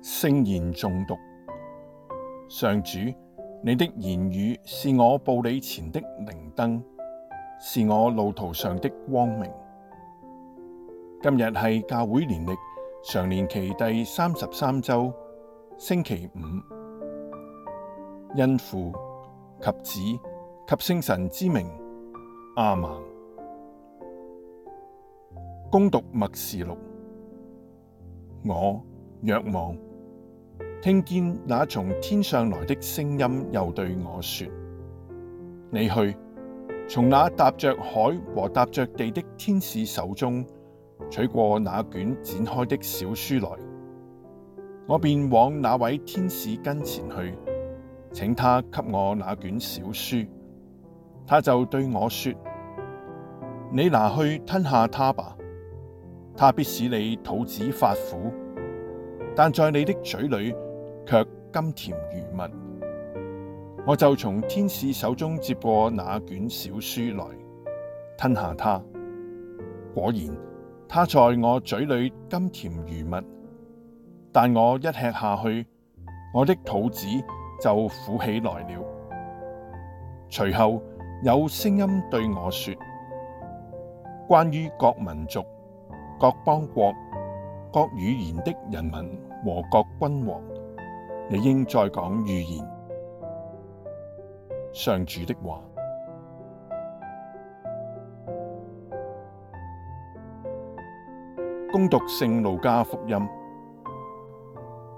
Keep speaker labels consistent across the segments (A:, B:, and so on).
A: 聖言誦讀，上主，你的言語是我步履前的明燈，是我路途上的光明。今日係教會年曆常年期第三十三周。星期五，因父及子及聖神之名阿們。恭讀默示錄，我若望，聽見那從天上來的聲音，又對我說：你去，從那踏着海和踏着地的天使手中，取過那卷展開的小書來。我便往那位天使跟前去，請他給我那卷小書。他就對我說：你拿去吞下它吧，它必使你肚子發苦，但在你的嘴裏却甘甜如蜜。我就從天使手中接過那卷小書來吞下它，果然，它在我嘴裏甘甜如蜜。但我一吃下去，我的肚子就苦起來了。隨後有聲音對我說：關於各民族、各邦國、各語言的人民和各君王，你應再講預言，上主的話。恭讀聖路加福音。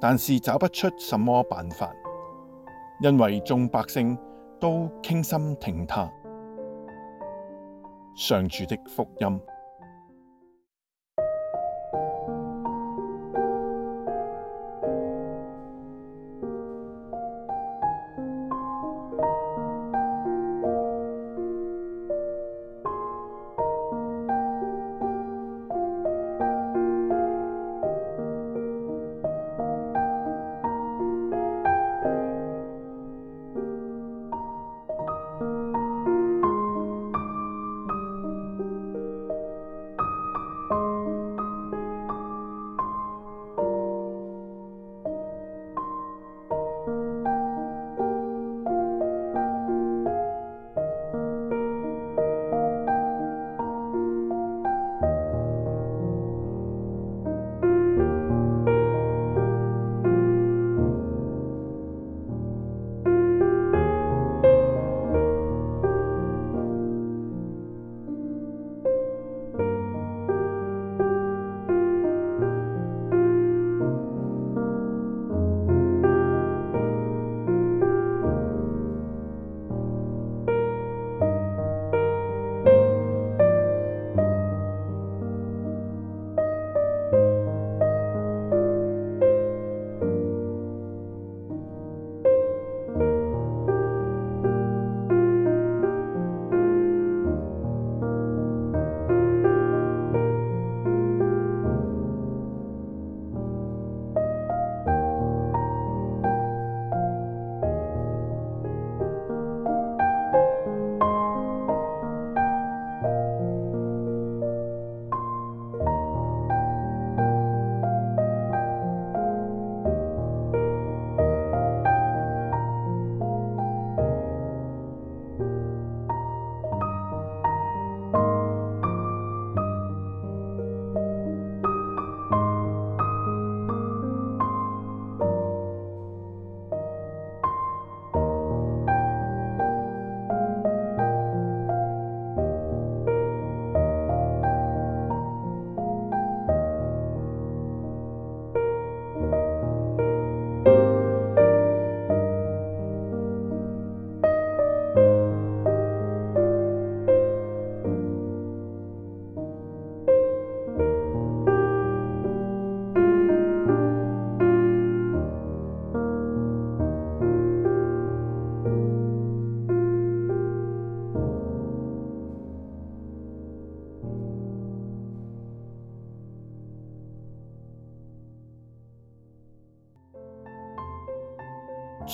A: 但是找不出什麼辦法，因為眾百姓都傾心聽他。上主的福音。